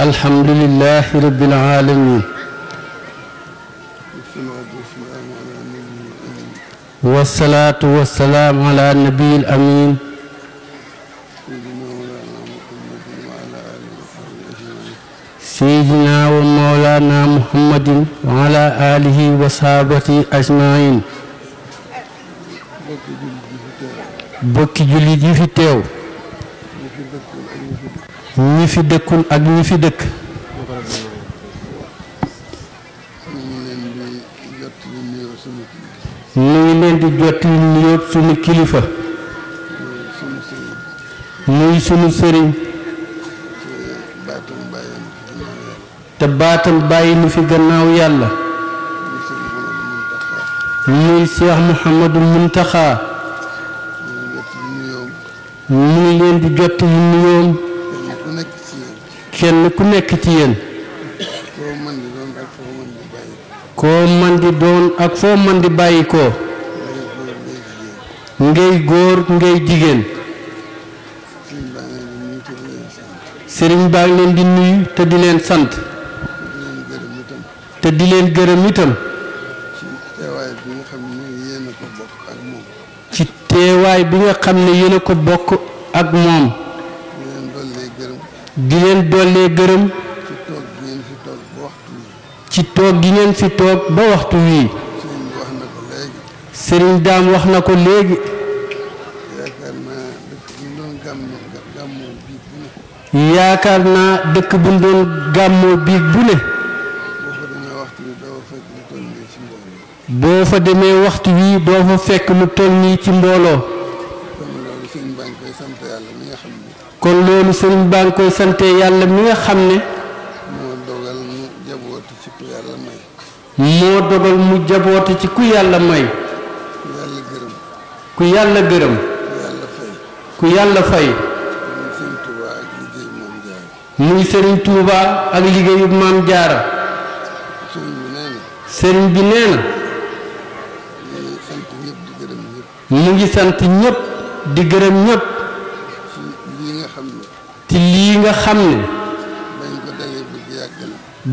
الحمد لله رب العالمين والصلاة والسلام على النبي الأمين سيدنا ومولانا محمد وعلى آله وصحبه أجمعين بكي جلدي في التاو ñi fi dëkkul ak ñi fi dëkk. ñu ngi leen di jot li nuyoo suñu kilifa. muy sunu sëriñ. te baatam bàyyi nu fi gannaaw yàlla. muy Cheikh Mouhamadou Mountakha. ñu ngi leen di jot li nuyoom. kenn ku nekk ci yéen koo man di doon ak foo man di bàyyi koo ngay góor ngay jigéen sëriñ baa ngi di nuyu te di leen sant te di leen gërëm itam ci teewaay bi nga xam ne yéen a ko bokk ak moom di leen dollee gërëm ci toog gi ngeen fi toog ba waxtu wii sëriñ daam wax na ko léegi yaakaar naa dëkk bu doon gàmmoo biig bu ne boo fa demee waxtu wii doo fa fekk lu toll nii ci mbooloo kon loolu sëriñ baa santee yàlla mi nga xam ne. moo dogal mu jaboot ci ku yàlla may. ci ku yàlla may. ku yàlla gërëm. ku yàlla gërëm. fay. muy sëriñ Touba ak liggéeyu maam jaara sëriñ bi nee na. mu ngi sant ñëpp di gërëm ñëpp. lii nga xam ne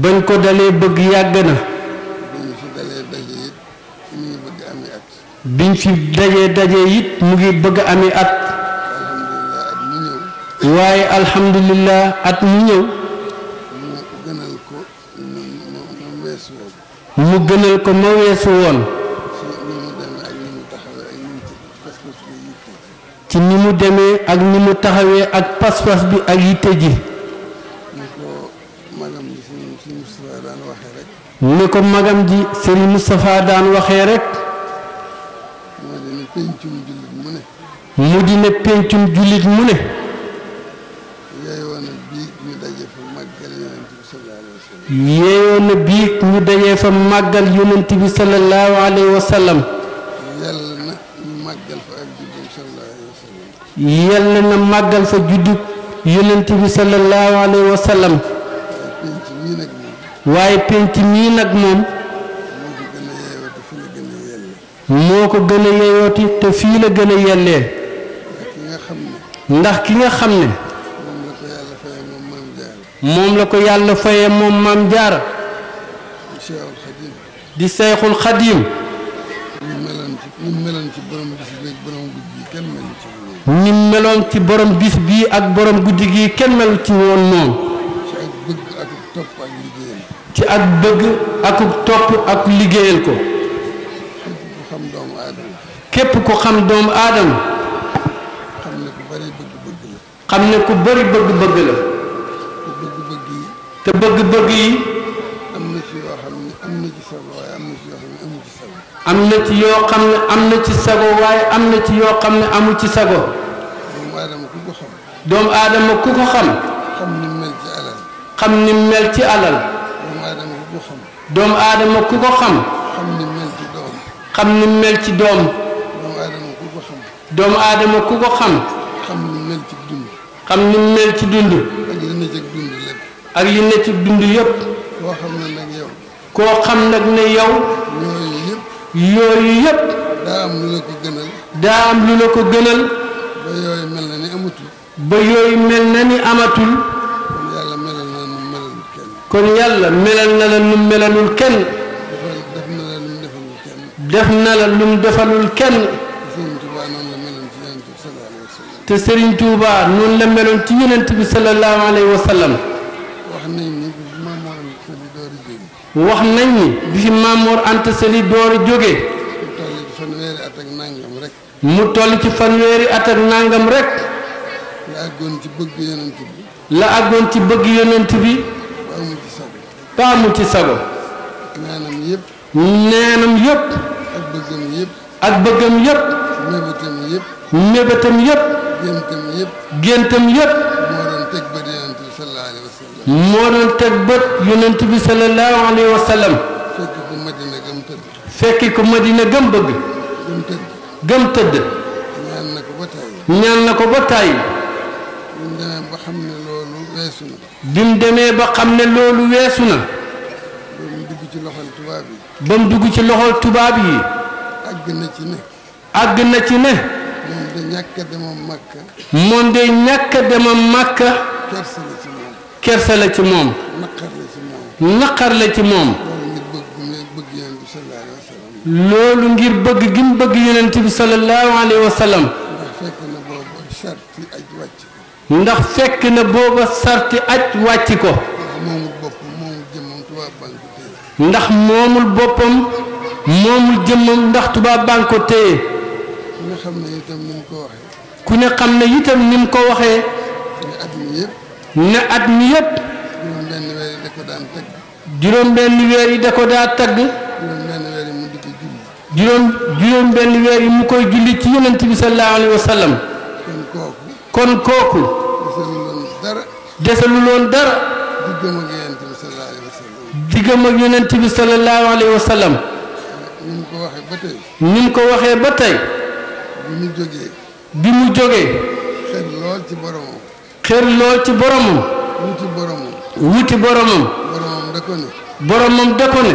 bañ ko dalee bëgg yàgg na biñ fi dajee dajee it mu ngi bëgg ami at waaye alhamdulilah at mu ñëw mu gënal ko ma weesu woon ci ni mu demee ak ni mu taxawee ak pas-pas bi ak yitte ji ni ko magam ji Serigne Moustapha daan waxee rek mu di ne pencum jullit mu ne yeeyoon na biig ñu dajee fa màggal yonent bi sallallahu alayhi wa yàlla na màggal fa juddug yonent bi sallallahu waaye penc mii nag moom moo ko gën a yeyooti te fii la gën a yellee ndax ki nga xam ne moom la ko yàlla fayee moom maam jaara di seyxul xadiim ñi meloon ci borom bis bii ak borom guddi gii kenn melu ci woon noonu. ci ak bëgg ak topp ak liggéeyal ko. képp ku xam doomu aadama. xam ne ku bari bëgg-bëgg la. te bëgg-bëgg yi. am na ci yoo xam ne am na ci sago waaye am na ci yoo xam ne amul ci sago. doomu aadama ku ko xam. doomu aadama ku ko xam. xam ni mel ci alal. xam aadama ku ko xam. ci doom. xam ni mel ci aadama ku ko ci dund. xam ni ak yi ne ci dund lépp. koo xam ne nag yow. yooyu yëpp. daa am lu la ko gënal. daa am lu la ko gënal. ba yooyu mel na ni amatul. ba yooyu mel na ni amatul. kon yàlla melal na la nu melalul kenn. def na la lum defalul kenn. te Serigne Touba noonu la meloon ci yonent bi sallallahu alayhi wa sallam. wax nañ ni di fi Maamoor Anta Sali door jóge mu toll ci fanweeri at ak nangam rek la àggoon ci bëgg yonent bi la àggoon ci bëgg yonent bi paamu ci sago neenam yëpp neenam yëpp ak bëggam yëpp ak bëggam géntam yëpp مودون تكبت يونتبي صلى الله عليه وسلم فكي كو مدينه گم بغ گم تد نيان نكو باتاي بيم دمي با خامني لولو ويسونا بيم دغ سي لوخال توبا بي اغنا سي نه اغنا سي نه مون دي نياك دمو مكه مون دي نياك دمو مكه kersa la ci moom naqar la ci moom loolu ngir bëgg gi mu bëgg yonent bi sallallahu alayhi wa sallam ndax fekk na booba sarti aj wàcc ko ndax moomul boppam moomul jëmmam ndax tubaab baa ngi ko téye ku ne xam ne itam ni mu ko waxee ne at mi yëpp. juróom-benn weer yi da ko daan tagg. juróom-benn weer yi da ko daa weer yi mu koy julli ci yonent bi sallallahu alayhi wa sallam. kon kooku. kon kooku. desaluloon dara. desaluloon dara. diggam bi sallallahu alayhi wa sallam. wa sallam. ni mu ko waxee ba tey. ni mu bi mu jógee. bi mu jógee. lool ci xër lool ci boromam. wuti boromam. wuti boromam. da ko ne. boromam da ko ne.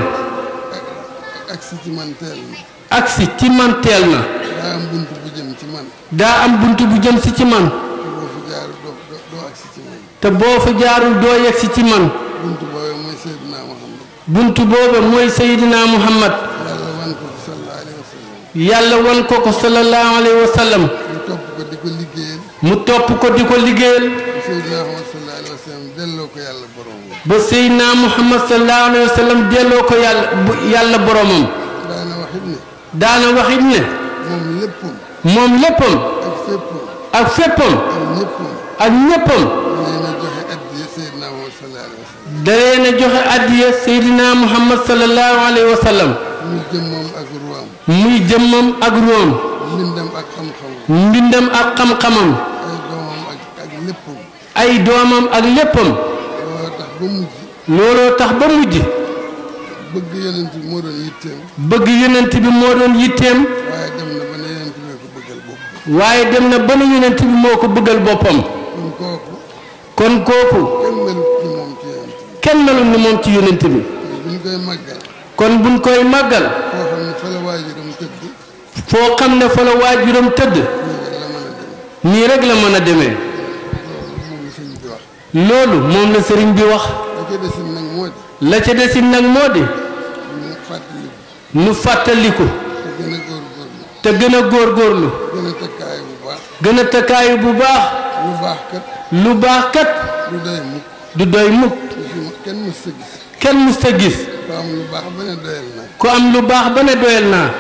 agsi ci man teel na. agsi ci man teel na. daa am buntu bu jëm bu jëm si ci man. te boo fa jaarul doo yegsi ci man. buntu boobu mooy Seydina Muhammad. yàlla wan ko ko sallallahu alayhi wa mu topp ko di ko liggéeyal. ba Seydina Muhammad sallallahu alayhi wa delloo ko yàlla yàlla boromam. daana wax ne. moom léppam. moom léppam. ak féppam. ak ñéppam. da joxe addiya Seydina Muhammad sallallahu alayhi wa muy jëmmam ak ruwaam. mbindam ak xam-xamam. ay doomam ak léppam looloo tax ba mujj bëgg yonent bi moo doon yitteem bëgg yonent bi moo doon yitteem waaye dem na ba ne yonent bi moo ko bëggal boppam kon kooku kenn melul ni moom ci yonent bi kon buñ koy màggal foo xam ne fa la waajuram tëdd nii rek la mën a demee loolu moom la sëriñ bi wax. la ca desin nag moo di. nu fàttaliku. te gëna góor góorgóorlu. gën a bu baax. lu baax kat. du doy mukk. kenn mus ta gis. ku am lu baax ba ne doyal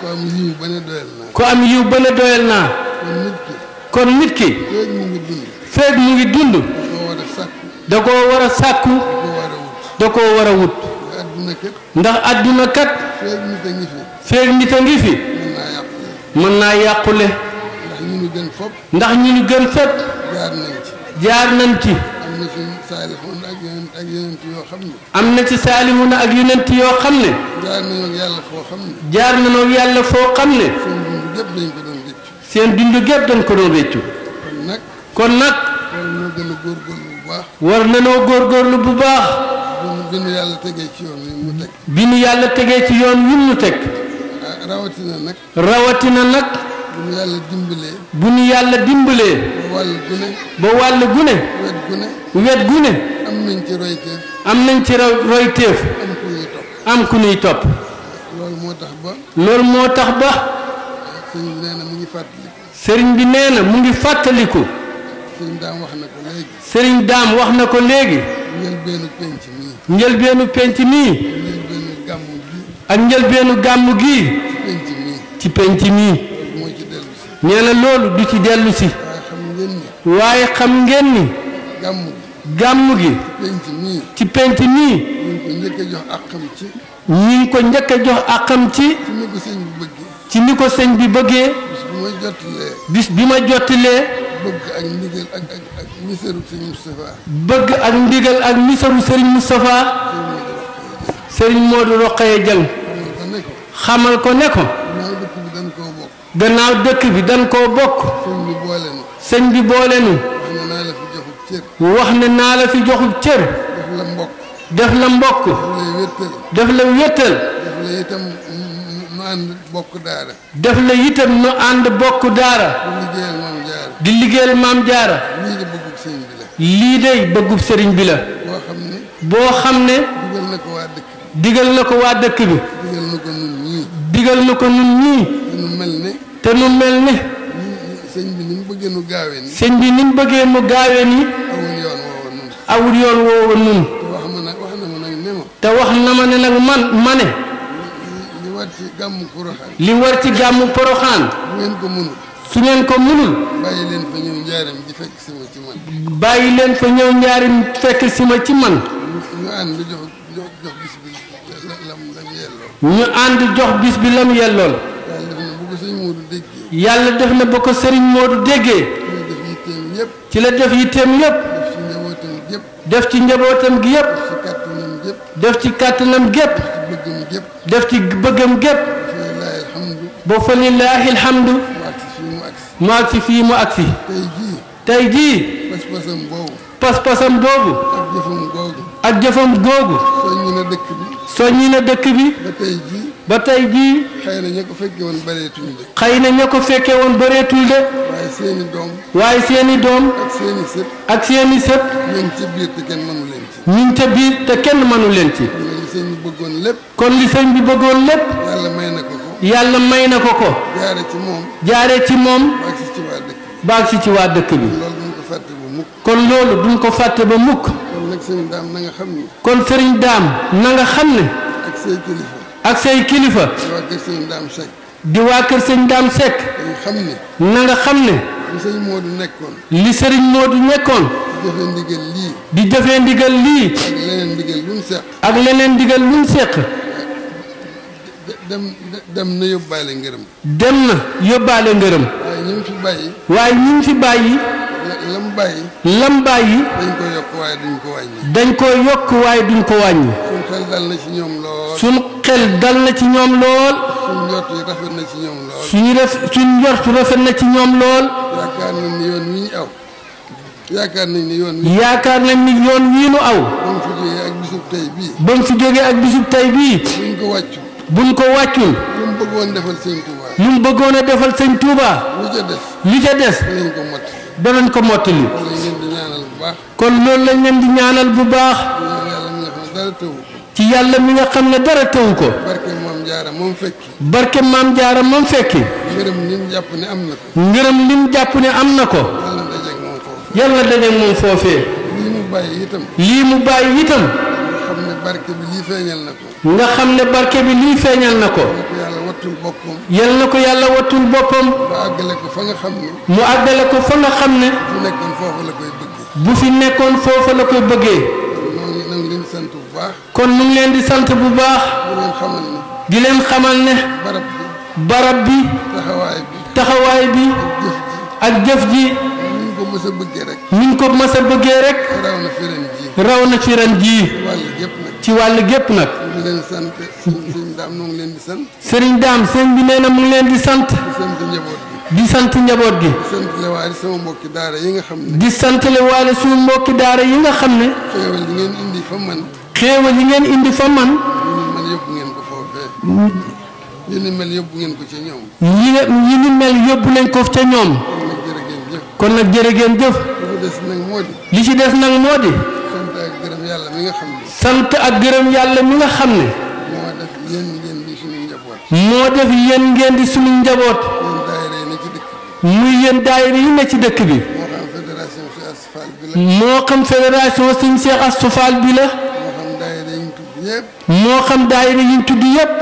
ku am lu baax ba ne doyal naa. ku am yiw ba ne doyal naa. kon nit ki. kon mu ngi dund. da koo war a sàkku da koo war a wut ndax àdduna kat feeg nit a ngi fi mën naa yàqule ndax ñi ñu gën fépp jaar nañ ci am na ci saalihuna ak yonent yoo xam ne jaar nañoo yàlla foo xam ne seen dund gépp dañ ko doon réccu kon nag war nanoo góorgóorlu bu baax. bi nu yàlla tegee ci yoon wi mu teg. bi nu yàlla tegee ci yoon wi mu teg. Ah, rawatina nag. rawatina nag. bu nu yàlla dimbalee. bu ba wàll gune. ba wàll wet gune. wet gune. am nañ ci royteef. am nañ ku ñuy topp. loolu moo tax ba. loolu moo tax ba. bi mu ngi fàttaliku. sëriñ bi nee na mu ngi fàttaliku. sëriñ daam wax na ko léegi. sëriñ wax na ko léegi. njëlbeenu penc mii. njëlbeenu ak njëlbeenu gàmm gi ci penc mii. nee na loolu du ci dellu si. waaye xam ngeen gàmm gi. ci penc mii. ñi ko njëkk a jox àqam ci. ci ni ko sëñ bi bëggee. bis bi ma jottilee. bis bi ma jottilee. bëgg ak ndigal ak ak ak misaru Serigne Moustapha. bëgg ak ndigal ak misaru xamal ko ne ko. gannaaw dëkk bi dañ koo bokk. sëñ bi boole nu. wax ne naa la fi joxub cër. def la mbokk. def la mbokk. def la wéttal. bokk daara. def la nu ànd bokk daara. di liggéeyal maam jaara lii day bëggub sëriñ bi la boo xam ne digal na ko waa dëkk bi digal na ko nun ñii te nu mel ne sëñ bi ni mu bëggee nu gaawee nii sëñ bi ni mu yoon woowa nun te wax na ma ne nag man ma ne li war ci gàmmu poroxaan li war ci gàmmu poroxaan su ngeen ko mënul. bàyyi leen fa ñëw njaarim fekk si ma ci man. leen fa ñëw njaarim fekk si ma ci man. ñu ànd jox jox jox bis bi lam lam yellool. yàlla def na ba ko sëriñ Modou déggee. ci la def yitteem yépp. def ci njabootam gi yépp. def ci kàttanam gépp. def ci bëggam gépp. ba fa lillaahi alhamdu mu agsi fii mu agsi tey jii pas-pasam boobu pas-pasam boobu ak jëfam googu ak jëfam googu soññi na dëkk bi soññi na dëkk bi ba tey jii ba tey jii xëy na ña ko fekke woon bëreetul de xëy na ña fekke woon bëreetul de waaye seeni doom waaye seeni doom ak seeni sët ak ñu ngi ca biir te kenn mënu leen ci ñu ngi ca biir te kenn mënu leen ci kon li sëñ bi bëggoon lépp kon li sëñ bi bëggoon lépp yàlla may يالا ماينا كوكو جارتي موم باكسي تي واد دك بي كون لول دونك فاتي با موك كون سيرن دام ناغا خامني اك سي كليفا اك سي كليفا دي وا كير سيرن دام سيك خامني ناغا خامني li serign modou nekkon li serign modou nekkon di defé ndigal لي ak leneen ndigal luñ sekk ak leneen ndigal luñ sekk dem dem na yóbbaale ngërëm. dem na yóbbaale ngërëm. waaye ñi mu fi bàyyi. waaye ñi mu fi bàyyi. lam bàyyi. lam bàyyi. dañ ko yokk waaye duñ ko wàññi. dañ ko yokk waaye duñ ko wàññi. suñ xel dal na ci ñoom lool. suñ xel dal na lool. suñ njort rafet na ci ñoom lool. suñu def suñ njort rafet na ci ñoom lool. yaakaar nañ ni yoon nañ ni yoon wi. ni yoon wii nu aw. buñ ko wàccul. lu mu bëggoon defal sëñ Touba. mu bëggoon a defal sëñ Touba. li ca des. li ca des. ko mott danañ ko mottali. kon loolu lañ leen di ñaanal bu baax. ci yàlla mi nga xam ne dara tëw ko. barke maam jaara moom fekki. barke maam jaara moom fekki. ngërëm lim jàpp ne am na ko. ngërëm lim jàpp ne am na ko. yàlla dajeeg moom foofee. yàlla lii mu bàyyi itam. lii mu bàyyi itam. barke bi lii feeñal na ko. nga xam ne barke bi lii feeñal na ko. yal na ko yàlla wattul boppam. mu àggale ko fa nga xam ne. mu àggale ko fa nga xam ne. bu fi nekkoon foofa la koy bëggee. bu fi nekkoon foofa la koy bëggee. kon ñu leen di sant bu baax. kon ñu ngi leen di sant bu baax. di leen xamal ne. barab bi. barab bi. taxawaay bi. taxawaay bi. ak jëf ji. ko mës a bëggee rek. ni ñu ko mës a bëggee rek. raw na fi ren jii. raw na fi ren jii. wàll yëpp ci wàll gépp nag. ñu sant sëriñ daam mu ngi leen di sant. sëriñ daam sëriñ bi nee na mu ngi leen di sant. di sant njaboot di sant njaboot gi. di sant la waale yi nga xam ne. di sant suñu mbokki daara yi nga xam ne. xéewal ngeen indi fa man. xéewal yi ngeen indi fa man. yi ni mel yóbbu ngeen ko ni mel yóbbu nañ ko ca ñoom. kon nag jërë ngeen jëf. li ci des nag moo di. sant ak gërëm yàlla mi nga xam ne. moo def yéen ngeen di suñu njaboot. muy yéen daayira yi ne ci dëkk bi. moo xam fédération Sëñ Cheikh Astou Fall bi la. moo xam daayira yi ñu tudd yépp.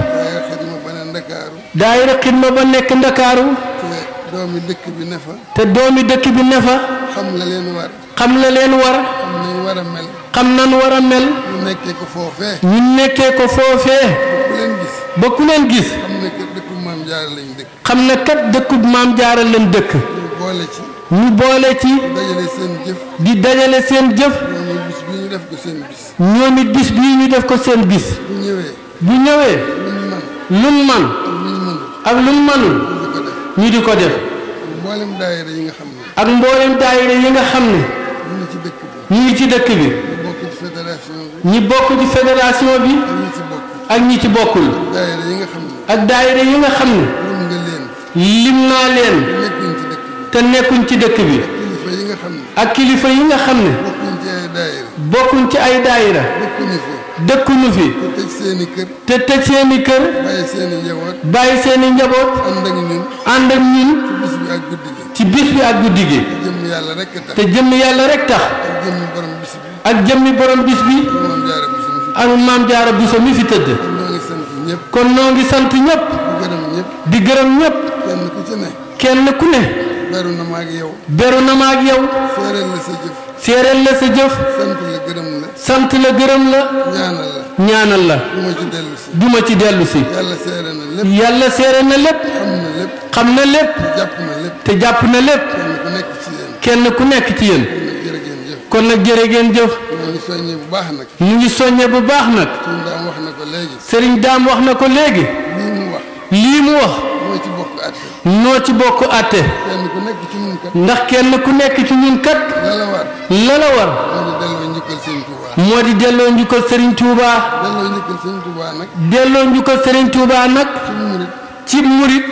daayira xidma ba nekk Ndakaaru. te doomi dëkk bi ne fa. te doomi dëkk bi ne fa. xam la leen war. xam la war. xam war a mel. xam nan war a mel. ñu nekkee ko foofee. ñu nekkee ko foofee. ba ku leen gis. xam na kat dëkku maam jaara leen dëkk. ñu boole ci. di dajale seen jëf. ñoom it bis bii ñu def ko seen bis. bu ñëwee. luñ man ak luñ manul ñu di ko def. ak mboolem daayira yi nga xam ne. ñu ngi ci dëkk bi. ñi bokk ci fédération bi. ak ñi ci bokkul. ak daayira yi nga xam ne. lim naa leen. te nekkuñ ci dëkk bi. ak kilifa yi nga xam ne. bokkuñ ci ay daayira. dëkkuñu fi. te tëj seeni kër. te tëj seeni kër. bàyyi seeni njaboot. bàyyi seeni njaboot. ànd ak ñun. ànd ak ñun. ci bis bi ak guddi gi. te jëmm yàlla rek tax. ak jëmmi borom bis bi ak maam jaara buso mi fi tëdd kon noo ngi sant ñëpp di gërëm ñëpp kenn ku ne beru na ma ak yow beru na yow seereel la sa jëf seereel la sant la gërëm la ñaanal la ñaanal ma ci dellu si yàlla seere na lépp xam na lépp te jàpp na lépp kenn ku nekk ci yéen kon nag jërë ngeen jëf. ñu ngi soññee bu baax nag. ñu ngi soññee bu baax nag. sëriñ daam wax na ko léegi. sëriñ daam wax na ko léegi. lii mu wax. noo ci bokk àtte. noo ci bokk àtte. kenn ku ndax kenn ku nekk ci ñun kat. la la war. la la moo di delloo njukkal sëriñ Touba. delloo njukkal sëriñ Touba nag. ci murit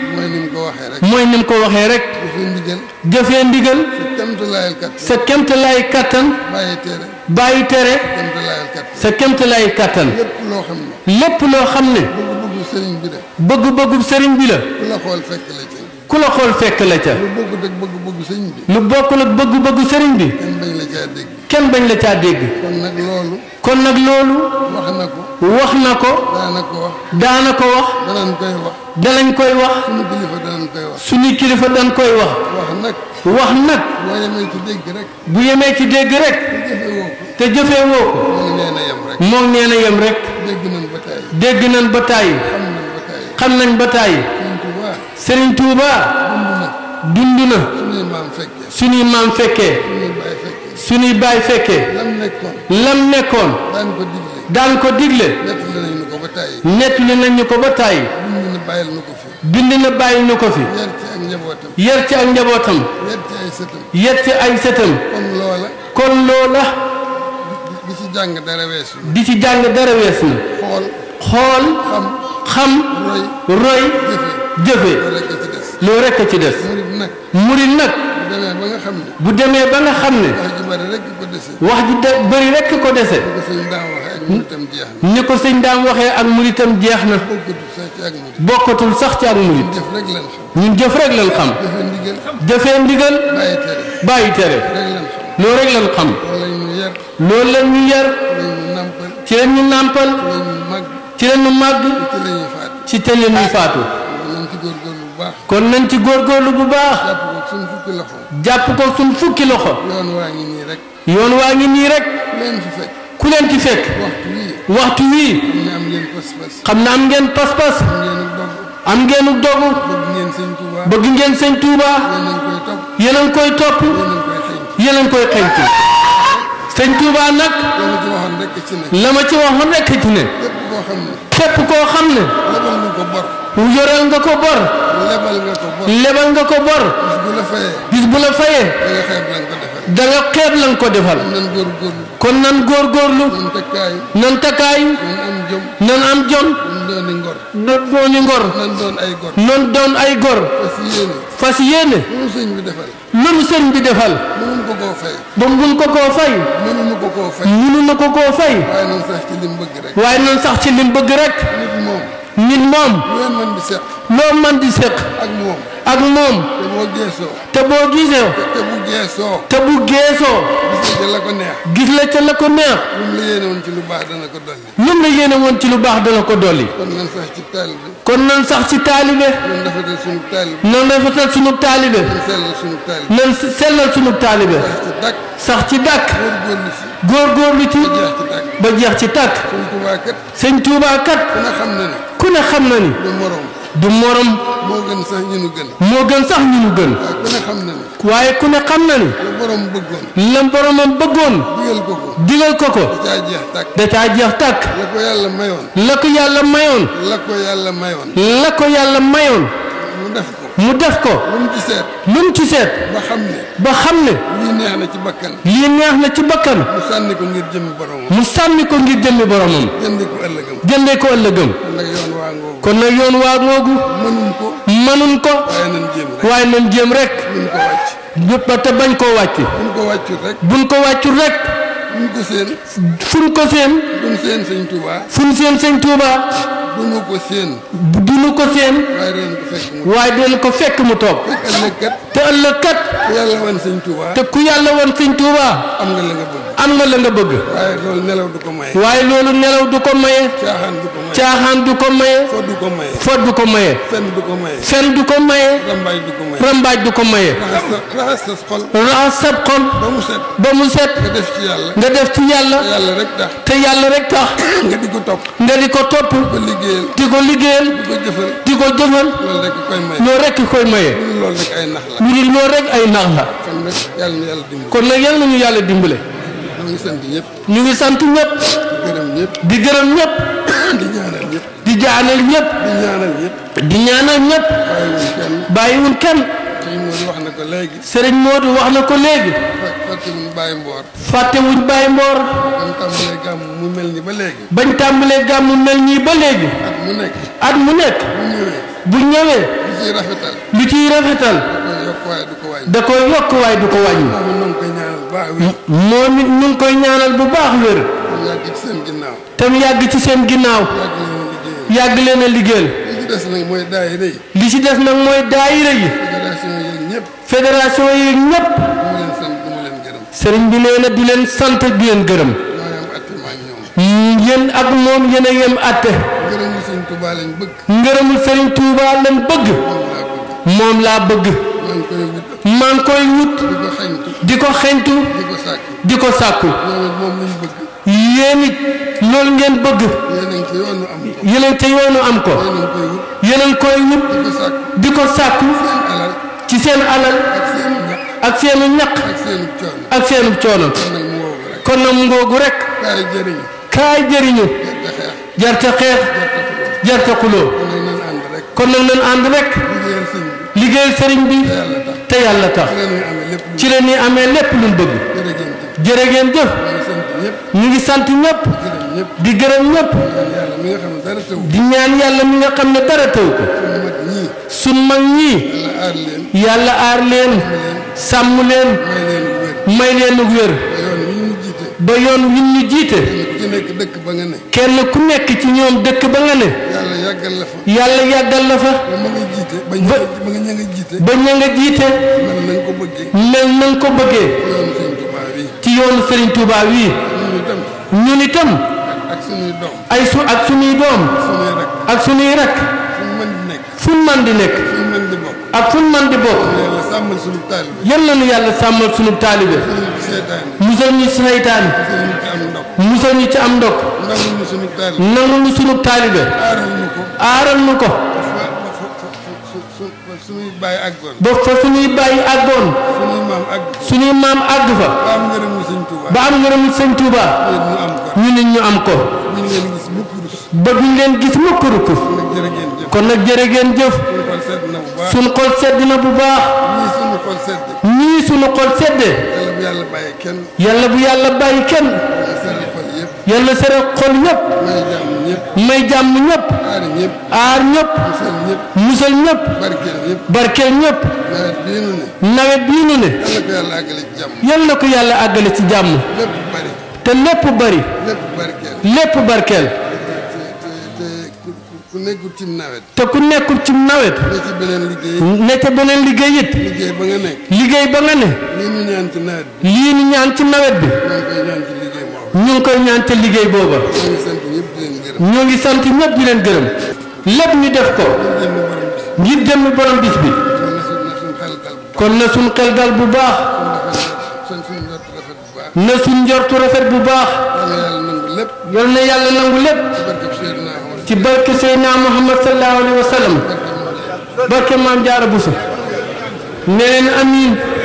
mooy ni ko waxee rek mooy ni mu waxee rek. jëfee ndigal jëfee ndigal. sa kemtalaay kattan sa kemtalaay kattan. bàyyi tere bàyyi tere. sa kemtalaay kattan. lépp loo xam ne. lépp loo xam ne. bëgg-bëggu sëriñ bi la. bëgg-bëggu sëriñ bi la. ku la xool fekk la ca. ku la xool fekk la bëggu bëggu sëriñ bi. kenn bañ la caa dégg. kon nag loolu. kon nag loolu. wax na ko. wax na ko. daana ko wax. daana ko wax. danañ koy wax. danañ koy suñu kilifa danañ koy wax. suñu kilifa dañ wax. wax nag. bu yemee ci dégg rek. te jëfee ko. moom nee na yem rek. moom nee na dégg nañ ba tàyyi. nañ ba tàyyi. xam nañ ba tàyyi. Serigne dund na. suñuy maam maam fekkee. suñuy baay fekkee. lam nekkoon nekkoon. daan ko digle daan ko digle. nettali nañu ko ba tàyyi. nettali ba tàyyi. bind na bàyyil na ko fi. na bàyyil na ko fi. yar ci ak njabootam. yar ci ak njabootam. yar ci ay sëtam. ci kon loola. di ci jàng dara weesu. di ci jàng dara weesu. xool xam roy jëfe jëfe. loo rekk ci des. murid nag. بودي مي باغا خامني واخ جي بري لك كو ديسه نيكو سيغ دام واخي اك مريتام جيخنا بوكوتول ساخ تي اك مريت نين جيف رك لن خام ديفين ديغال باي تيري لو رك لن خام لول لن ني يار تيلن ني نامبل تيلن ني ماغ تيلن ني فاتو كون نانتي غورغولو بو باخ fukki loxo. jàpp ko suñ fukki loxo. yoon waa ngi nii rek. yoon waa ngi nii rek. ku leen ci fekk. waxtu wii. xam na am ngeen pas-pas. am ngeen dogu. bëgg ngeen sëñ Touba. yéen a koy topp. yéen a ngi koy sëñ Touba nag. la ma ci waxoon rek ci ne. képp koo xam ne. yoreel nga ko bor. lebal nga ko bor. bis bu la fayee. da nga xeeb lan ko defal. kon nan góorgóorlu. nan takkaayu. nan am jom. nan dooni ngor. nan doon ay gor. fas yéene. fas yéene. lanu sëriñ bi defal. mënuñ ko koo fay. ba mun ko koo fay. mënuñu ko koo fay. mënuñu ko koo fay. waaye noonu sax ci lim bëgg rek. waaye noonu sax ci lim bëgg rek. nit moom. nit moom. loo man di seq. loo man di seq. ak moom. ak moom. te boo geesoo. te boo gisee. te bu geesoo. te bu geesoo. gis la ca la ko neex. gis la ca la ko neex. lu mu la ci lu baax dana ko dolli. lu mu la yéene woon ci lu baax dana ko dolli. kon nan sax ci taalibe. kon na sax ci taalibe. nan rafetal sunu taalibe. nan rafetal sunu taalibe. nan sellal sunu taalibe. nan sellal sunu taalibe. sax ci dàkk. góorgóorlu ci. ba jeex ci tàkk. sëñ Tuubaa kat. ku ne xam na ni. ku xam na ni. du du morom. moo gën sax ñu nu gën. moo gën sax ñu nu gën. waaye ku ne xam na ni. la boromam bëggoon. digal ko ko. da caa jeex tàkk. la ko yàlla mayoon. la ko yàlla mayoon. la ko yàlla mayoon. mu def mu def ko. lu mu ci seet. lu mu ci seet. ba xam ne. ba xam ne. lii neex na ci bakkan. lii neex na ci bakkan. mu sànni ko ngir jëmmi boromam. mu sànni ko ngir jëmmi boromam. jëndee ko ëllëgam. jëndee ko ëllëgam. kon nag yoon waa ngoogu. mënuñ ko. waaye nañ jéem rek. ba te bañ koo wàcc. buñ ko wàccul rek. buñ ko ko seen. fuñ ko seen. fuñ seen sëñ Touba. seen sëñ Touba. duñu ko séen. duñu ko séen. waaye doon ko fekk mu toog. waaye doon ko fekk mu toog. te ëllëg kat. ku yàlla wan te ku yàlla wan sëñ Touba. am nga la nga bëgg. la nga bëgg. waaye loolu nelaw du ko maye. waaye loolu nelaw du ko maye. caaxaan du ko maye. caaxaan du ko maye. fo du ko maye. fo du ko maye. fen du ko maye. ko maye. rambaaj du ko maye. ko maye. raxas sa xol. raxas sa xol. ba mu set. nga def ci yàlla. nga def ci yàlla. te yàlla rek tax. te yàlla rek nga di ko topp. di ko topp. di ko liggéeyal. di ko liggéeyal. di ko jëfal. di ko loolu rek koy maye. nax la. lu dul loolu ay nax la. kon nag yal nañu yàlla dimbale. ñu ngi sant ñëpp. ñu ngi sant ñëpp. di gërëm ñëpp. di gërëm ñëpp. di ñaanal ñëpp. di jaanal ñëpp. di di kenn. sëriñ Modou wax na ko léegi. fàttewuñ bàyyi mboor. fàttewuñ bàyyi bañ tàmbalee gàmm mu mel nii ba léegi. bañ gàmm mu mel ba léegi. at mu nekk. bu ñëwee. bu ñëwee. lu ciy rafetal. lu ciy rafetal. da koy yokk waaye du ko wàññi. moom it ñu ngi koy ñaanal bu baax wér. te mu yàgg ci seen ginnaaw. yàgg leen a liggéeyal. li ci des nag mooy daayira yi. fédération yi ñëpp. sëriñ bi nee na di leen sant di leen gërëm. Mm, yéen ak moom yéen a yem àtte. ngërëmul sëriñ Touba lañ bëgg. moom laa bëgg. maa ngi koy wut di ko xeñtu di ko sàkku yéen it loolu ngeen bëgg yéen ca yoonu am ko yéen koy wut di ko sàkku ci seen alal ak seenu ñaq ak seenu coono kon nag mu ngoogu rek kaay jëriñu jarte xeex jarte xuloo kon nag nañ ànd rek liggéeyal sëriñ bi te yàlla tax ci la ni amee lépp luñ bëgg jërë ngeen jëf mu ngi sant ñëpp di gërëm ñëpp di ñaan yàlla mi nga xam ne dara taw ko suñ mag ñii yàlla aar leen sàmm leen may leen wér ba yoon wi ñu jiite dëkk ba nga kenn ku nekk ci ñoom dëkk ba nga ne. yàlla yàggal la fa. yàlla yàggal la fa. ba nga jiite ba ña nga jiite. ba na nga ko bëggee. na nga bëggee. ci yoonu Serigne Touba wii. ñun itam. ak suñuy doom. ay su ak suñuy doom. ak suñuy rakk. fu mu di nekk. ak fu mu mën di bokk. yal na nu yàlla sàmmal sunu taalibe. musal ñu seytaane. dimbalee ñu am ndog nangul ñu sunu taalibe nangul ñu sunu taalibe aaral ñu ko suñuy bàyyi àggoon. ba fa suñuy bàyyi àggoon. suñuy maam àgg. suñuy maam àgg fa. ba ba ñu nit ñu am ko. ñu nit ñu am leen gis mukk rus. ba duñ kon nag jërë ngeen jëf. suñu na bu baax. ñii suñu xol sedd. ñii suñu xol sedd. yàlla bu yàlla bàyyi yàlla bu yàlla bàyyi kenn. yàlla sere xol ñëpp may jàmm ñëpp aar ñëpp musal ñëpp barkeel ñëpp nawet bii nu ne yal ko yàlla àggale ci jàmm te lépp bari lépp barkeel ku nekkul ci nawet. te ku nekkul ci nawet. ne ca beneen liggéey. ne ca beneen liggéey it. liggéey ba nga liggéey ne. lii ñu ci nawet ñaan ci nawet bi. ñu ngi koy ñaan te liggéey booba ñoo ngi sant ñëpp di leen gërëm lépp ñu def ko ngir jëmm borom bis bi kon na suñ xel dal bu baax na suñ njortu rafet bu baax yal na yàlla nangu lépp ci barke Seydina Muhammad sallallahu alayhi wa sallam barke maam jaara busu ne leen amiin